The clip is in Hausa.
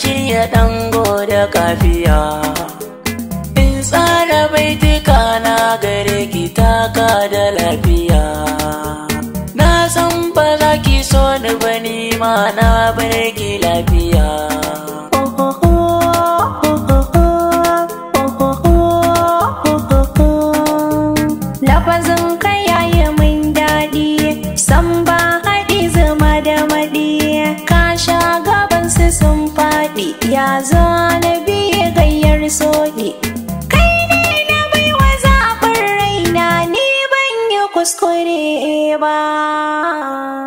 shirya dango da kafiya in tsara baituka na gare ki taka da lafiya na san ba za ki so ni ba ni ma na bar ki lafiya lafazin kai yayi min daɗi san ba faɗi ya na biye gayyar soɗi kai ne na wa zafin raina ni ban yi kuskure ba